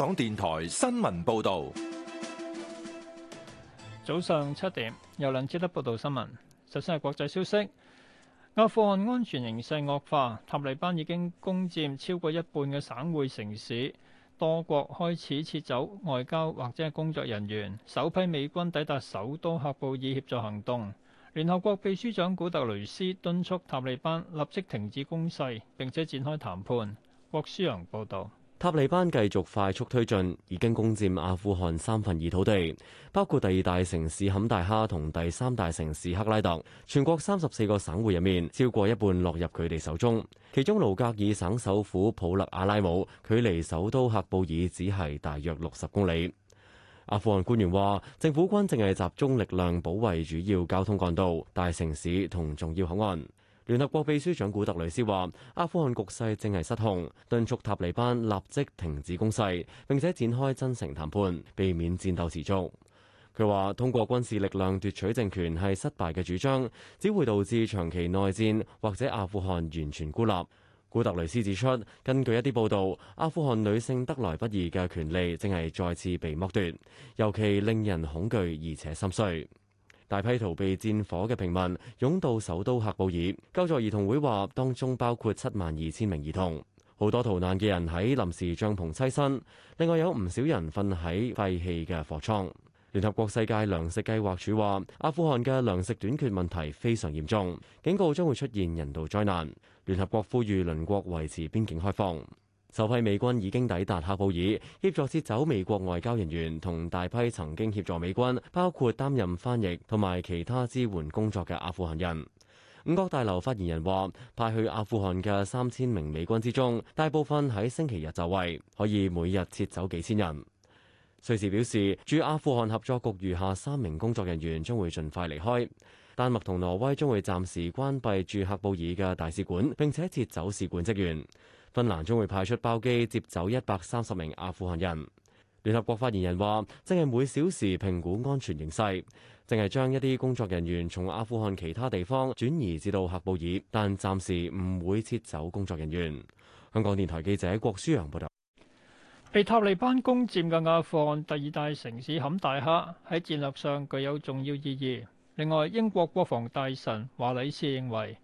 港電台新聞報道，早上七點由梁志德報道新聞。首先係國際消息：阿富汗安全形勢惡化，塔利班已經攻佔超過一半嘅省會城市，多國開始撤走外交或者係工作人員。首批美軍抵達首都喀布爾協助行動。聯合國秘書長古特雷斯敦促塔利班立即停止攻勢，並且展開談判。郭書陽報道。塔利班繼續快速推進，已經攻佔阿富汗三分二土地，包括第二大城市坎大哈同第三大城市克拉特。全國三十四個省會入面，超過一半落入佢哋手中。其中盧格爾省首府普勒阿拉姆，距離首都喀布爾只係大約六十公里。阿富汗官員話，政府軍正係集中力量保衛主要交通幹道、大城市同重要口岸。聯合國秘書長古特雷斯話：阿富汗局勢正係失控，敦促塔利班立即停止攻勢，並且展開真誠談判，避免戰鬥持續。佢話：通過軍事力量奪取政權係失敗嘅主張，只會導致長期內戰或者阿富汗完全孤立。古特雷斯指出，根據一啲報導，阿富汗女性得來不易嘅權利正係再次被剝奪，尤其令人恐懼而且心碎。大批逃避戰火嘅平民湧到首都喀布爾。救助兒童會話，當中包括七萬二千名兒童。好多逃難嘅人喺臨時帳篷棲身，另外有唔少人瞓喺廢棄嘅貨倉。聯合國世界糧食計劃署話，阿富汗嘅糧食短缺問題非常嚴重，警告將會出現人道災難。聯合國呼籲鄰國維持邊境開放。首批美軍已經抵達喀布爾，協助撤走美國外交人員同大批曾經協助美軍，包括擔任翻譯同埋其他支援工作嘅阿富汗人。五角大樓發言人話：派去阿富汗嘅三千名美軍之中，大部分喺星期日就位，可以每日撤走幾千人。瑞士表示，駐阿富汗合作局餘下三名工作人員將會盡快離開。丹麥同挪威將會暫時關閉駐喀布爾嘅大使館，並且撤走使館職員。芬蘭將會派出包機接走一百三十名阿富汗人。聯合國發言人話：正係每小時評估安全形勢，淨係將一啲工作人員從阿富汗其他地方轉移至到喀布爾，但暫時唔會撤走工作人員。香港電台記者郭舒揚報道，被塔利班攻佔嘅阿富汗第二大城市坎大哈喺戰略上具有重要意義。另外，英國國防大臣華里士認為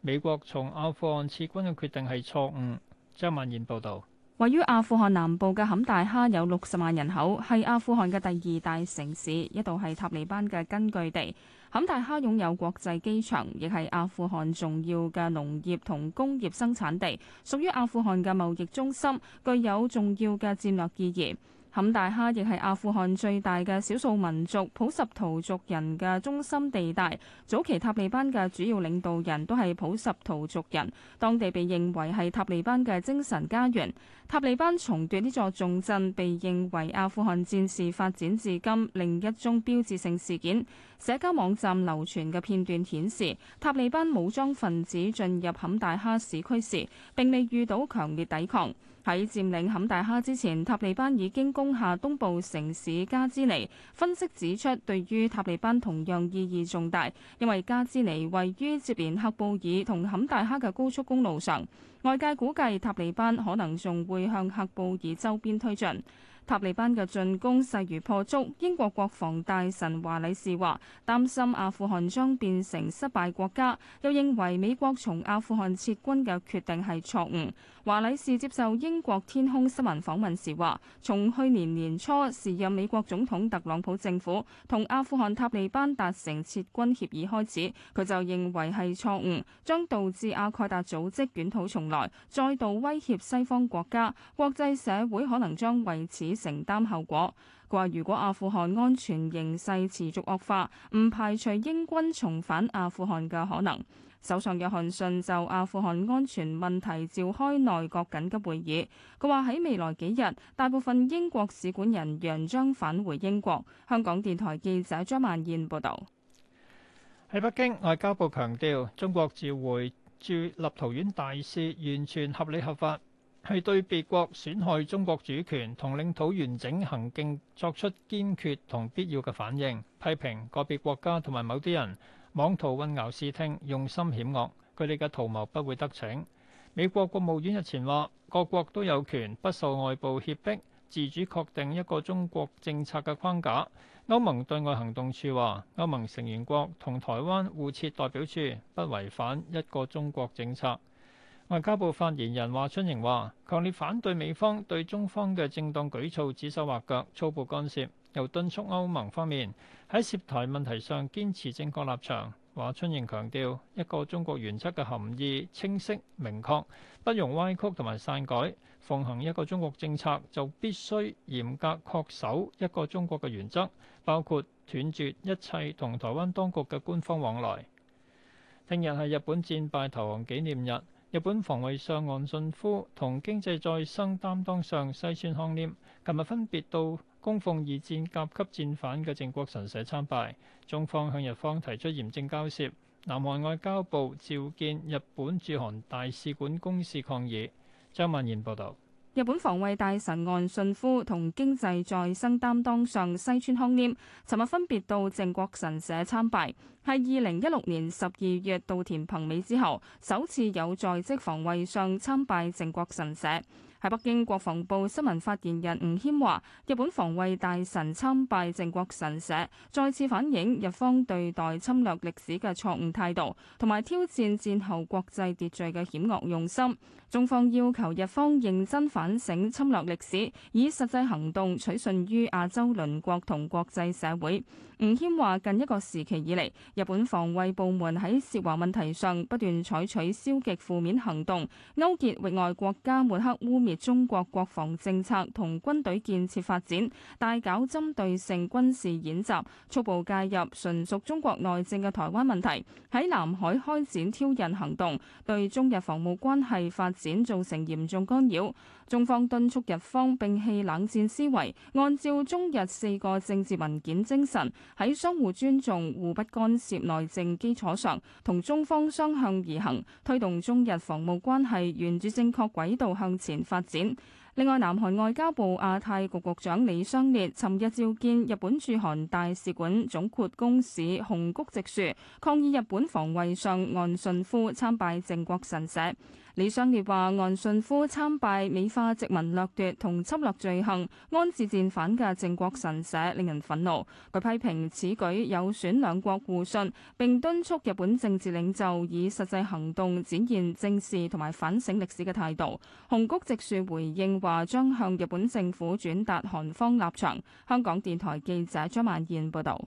美國從阿富汗撤軍嘅決定係錯誤。張曼燕報道，位於阿富汗南部嘅坎大哈有六十萬人口，係阿富汗嘅第二大城市，一度係塔利班嘅根據地。坎大哈擁有國際機場，亦係阿富汗重要嘅農業同工業生產地，屬於阿富汗嘅貿易中心，具有重要嘅戰略意義。坎大哈亦係阿富汗最大嘅少數民族普什圖族人嘅中心地帶，早期塔利班嘅主要領導人都係普什圖族人，當地被認為係塔利班嘅精神家園。塔利班重奪呢座重鎮，被認為阿富汗戰事發展至今另一宗標誌性事件。社交網站流傳嘅片段顯示，塔利班武裝分子進入坎大哈市區時，並未遇到強烈抵抗。喺佔領坎大哈之前，塔利班已經攻下東部城市加茲尼。分析指出，對於塔利班同樣意義重大，因為加茲尼位於接連喀布爾同坎大哈嘅高速公路上。外界估計塔利班可能仲會向喀布爾周邊推進。塔利班嘅進攻勢如破竹。英國國防大臣華里士話，擔心阿富汗將變成失敗國家，又認為美國從阿富汗撤軍嘅決定係錯誤。華禮士接受英國天空新聞訪問時話，從去年年初時任美國總統特朗普政府同阿富汗塔利班達成撤軍協議開始，佢就認為係錯誤，將導致阿蓋達組織捲土重來，再度威脅西方國家，國際社會可能將為此承擔後果。佢話，如果阿富汗安全形勢持續惡化，唔排除英軍重返阿富汗嘅可能。首相約翰遜就阿富汗安全問題召開內閣緊急會議。佢話喺未來幾日，大部分英國使館人員將返回英國。香港電台記者張曼燕報道。喺北京，外交部強調，中國召回駐立陶宛大使完全合理合法，係對別國損害中國主權同領土完整行徑作出堅決同必要嘅反應，批評個別國家同埋某啲人。妄圖混淆視聽，用心險惡，佢哋嘅圖謀不會得逞。美國國務院日前話，各國都有權不受外部脅迫，自主確定一個中國政策嘅框架。歐盟對外行動處話，歐盟成員國同台灣互設代表處不違反一個中國政策。外交部發言人華春瑩話，強烈反對美方對中方嘅正當舉措指手畫腳、粗暴干涉。又敦促歐盟方面喺涉台問題上堅持正確立場。華春瑩強調，一個中國原則嘅含義清晰明確，不容歪曲同埋篡改。奉行一個中國政策就必須嚴格確守一個中國嘅原則，包括斷絕一切同台灣當局嘅官方往來。聽日係日本戰敗投降紀念日，日本防衛相岸信夫同經濟再生擔當相西村康稔，琴日分別到供奉二戰甲級戰犯嘅靖國神社參拜，中方向日方提出嚴正交涉。南韓外交部召見日本駐韓大使館公使抗議。張曼然報道：「日本防衛大臣岸信夫同經濟再生擔當相西村康稔，尋日分別到靖國神社參拜，係二零一六年十二月稻田朋美之後，首次有在職防衛相參拜靖國神社。喺北京，國防部新聞發言人吳謙話，日本防衛大臣參拜靖國神社，再次反映日方對待侵略歷史嘅錯誤態度，同埋挑戰戰後國際秩序嘅險惡用心。中方要求日方認真反省侵略歷史，以實際行動取信於亞洲鄰國同國際社會。吳謙話近一個時期以嚟，日本防衛部門喺涉華問題上不斷採取消極負面行動，勾結域外國家抹黑污衊。中國國防政策同軍隊建設發展，大搞針對性軍事演習，粗暴介入純屬中國內政嘅台灣問題，喺南海開展挑釁行動，對中日防務關係發展造成嚴重干擾。中方敦促日方摒棄冷戰思維，按照中日四個政治文件精神，喺相互尊重、互不干涉內政基礎上，同中方相向而行，推動中日防務關係沿住正確軌道向前發展。展另外，南韓外交部亞太局局長李相烈尋日召見日本駐韓大使館總括公使熊谷直樹，抗議日本防衛相岸信夫參拜靖國神社。李商烈話，岸信夫參拜美化殖民掠奪同侵略罪行、安置戰犯嘅靖國神社，令人憤怒。佢批評此舉有損兩國互信，並敦促日本政治領袖以實際行動展現正視同埋反省歷史嘅態度。紅谷直樹回應話，將向日本政府轉達韓方立場。香港電台記者張曼燕報導。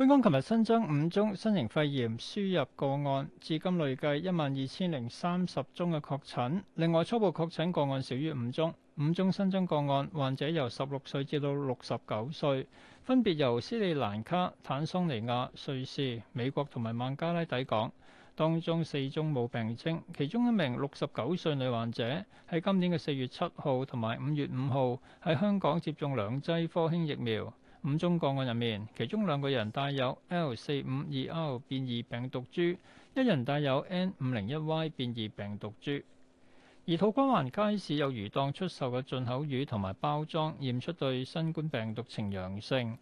本港琴日新增五宗新型肺炎輸入個案，至今累計一萬二千零三十宗嘅確診，另外，初步確診個案少於五宗，五宗新增個案患者由十六歲至到六十九歲，分別由斯里蘭卡、坦桑尼亞、瑞士、美國同埋孟加拉抵港。當中四宗冇病徵，其中一名六十九歲女患者喺今年嘅四月七號同埋五月五號喺香港接種兩劑科興疫苗。五宗個案入面，其中兩個人帶有 L 四五二 R 變異病毒株，一人帶有 N 五零一 Y 變異病毒株。而土瓜灣街市有魚檔出售嘅進口魚同埋包裝，驗出對新冠病毒呈陽性。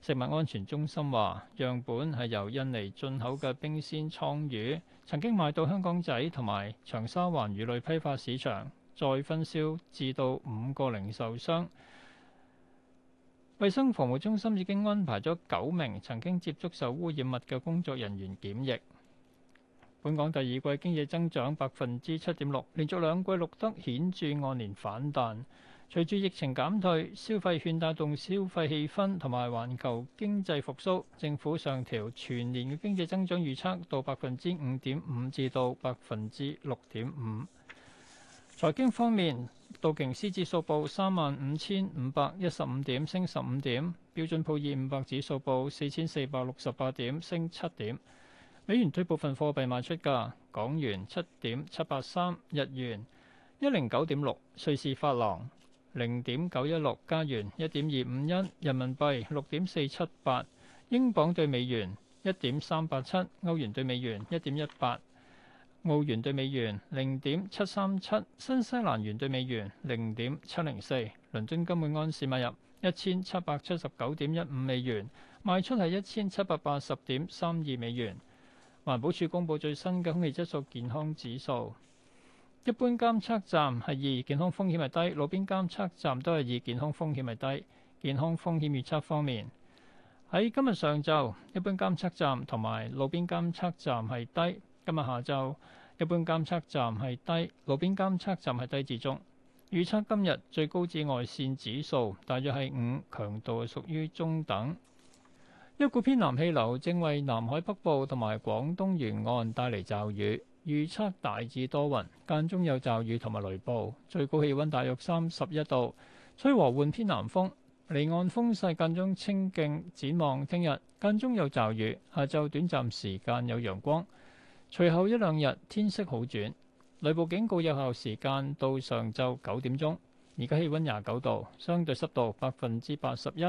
食物安全中心話，樣本係由印尼進口嘅冰鮮倉魚，曾經賣到香港仔同埋長沙灣魚類批發市場，再分銷至到五個零售商。衞生防護中心已經安排咗九名曾經接觸受污染物嘅工作人員檢疫。本港第二季經濟增長百分之七點六，連續兩季錄得顯著按年反彈。隨住疫情減退，消費券帶動消費氣氛，同埋環球經濟復甦，政府上調全年嘅經濟增長預測到百分之五點五至到百分之六點五。財經方面，道瓊斯指數報三萬五千五百一十五點，升十五點；標準普爾五百指數報四千四百六十八點，升七點。美元對部分貨幣賣出價：港元七點七八三，日元一零九點六，瑞士法郎零點九一六，加元一點二五一，人民幣六點四七八，英鎊對美元一點三八七，歐元對美元一點一八。澳元兌美元零點七三七，新西蘭元兌美元零點七零四，倫敦金每安士買入一千七百七十九點一五美元，賣出係一千七百八十點三二美元。環保署公布最新嘅空氣質素健康指數。一般監測站係二，健康風險係低；路邊監測站都係二，健康風險係低。健康風險預測方面，喺今日上晝，一般監測站同埋路邊監測站係低。今日下晝，一般監測站係低，路邊監測站係低至中。預測今日最高紫外線指數大約係五，強度屬於中等。一股偏南氣流正為南海北部同埋廣東沿岸帶嚟驟雨，預測大致多雲，間中有驟雨同埋雷暴。最高氣溫大約三十一度，吹和緩偏南風，離岸風勢間中清勁。展望聽日間中有驟雨，下晝短暫時間有陽光。隨後一兩日天色好轉，雷暴警告有效時間到上晝九點鐘。而家氣温廿九度，相對濕度百分之八十一。